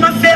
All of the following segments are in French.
de uma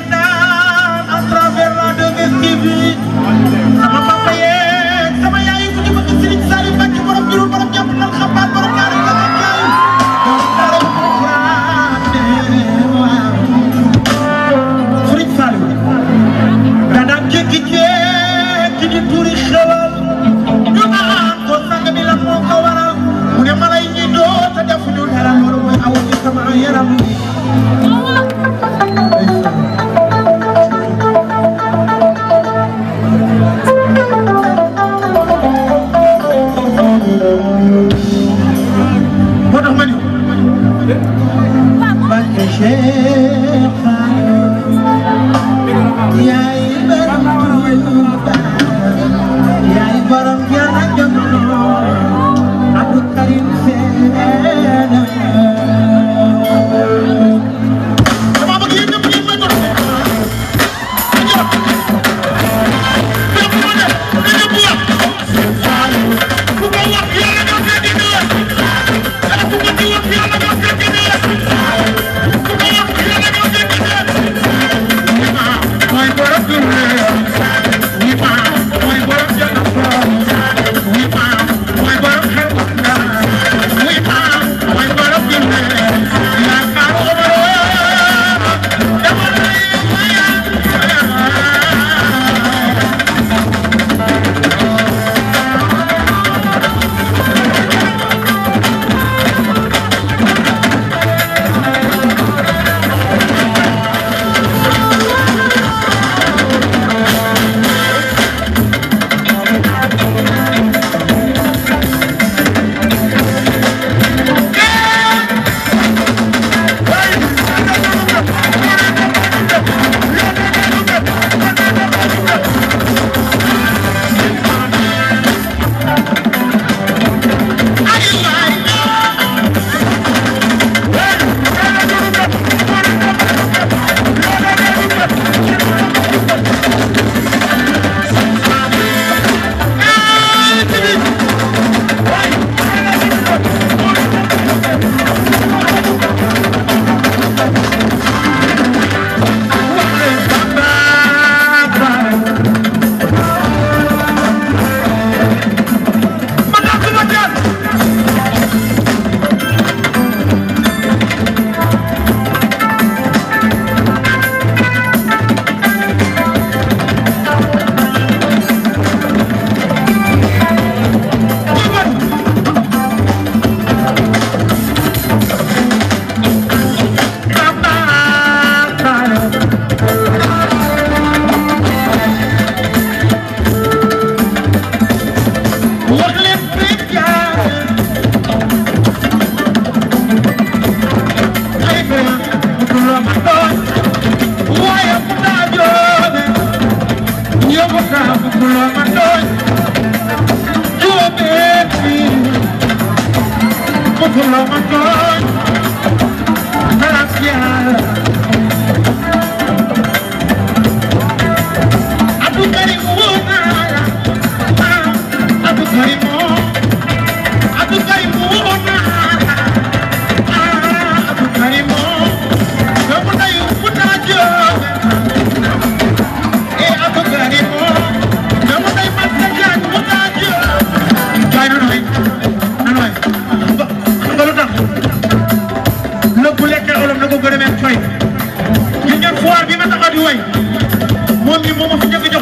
你摸摸人家个。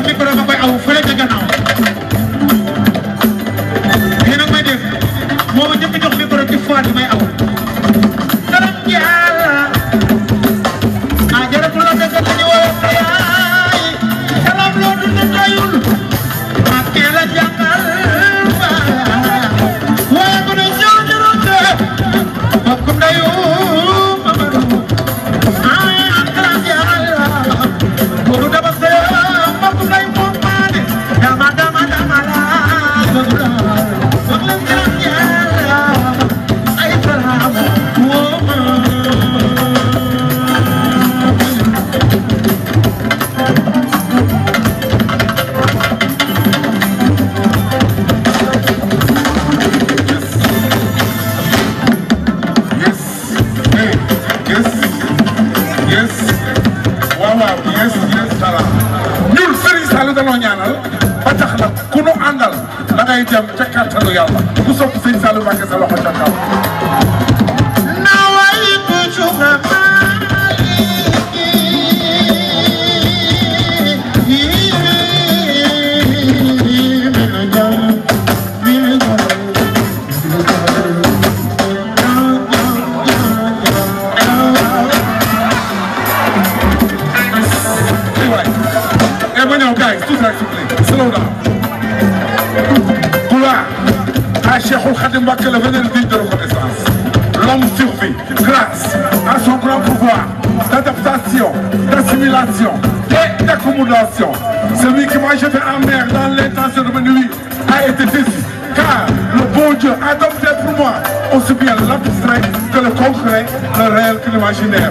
yàlla ku sopp sëñ Saliou Mbacké sa loxo ca kaw moi que le vénérité de reconnaissance. L'homme survit grâce à son grand pouvoir d'adaptation, d'assimilation et d'accommodation. Celui qui m'a jeté en mer dans temps de mes nuit a été déçu, car le bon Dieu adopté pour moi aussi bien l'abstrait que le concret, le réel que l'imaginaire.